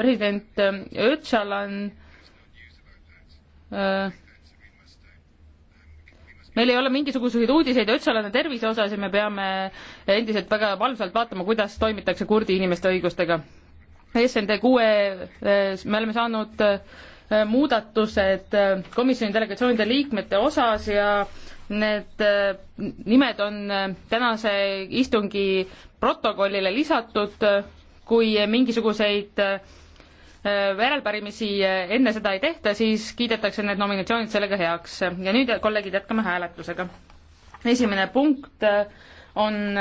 president Öcalan äh, meil ei ole mingisuguseid uudiseid Öcalane tervise osas ja me peame endiselt väga valvsalt vaatama, kuidas toimitakse kurdi inimeste õigustega. SND kuue, äh, me oleme saanud äh, muudatused komisjoni delegatsioonide liikmete osas ja need nimed on tänase istungi protokollile lisatud, kui mingisuguseid järelpärimisi äh, äh, enne seda ei tehta, siis kiidetakse need nominatsioonid sellega heaks. ja nüüd, kolleegid, jätkame hääletusega. esimene punkt äh, on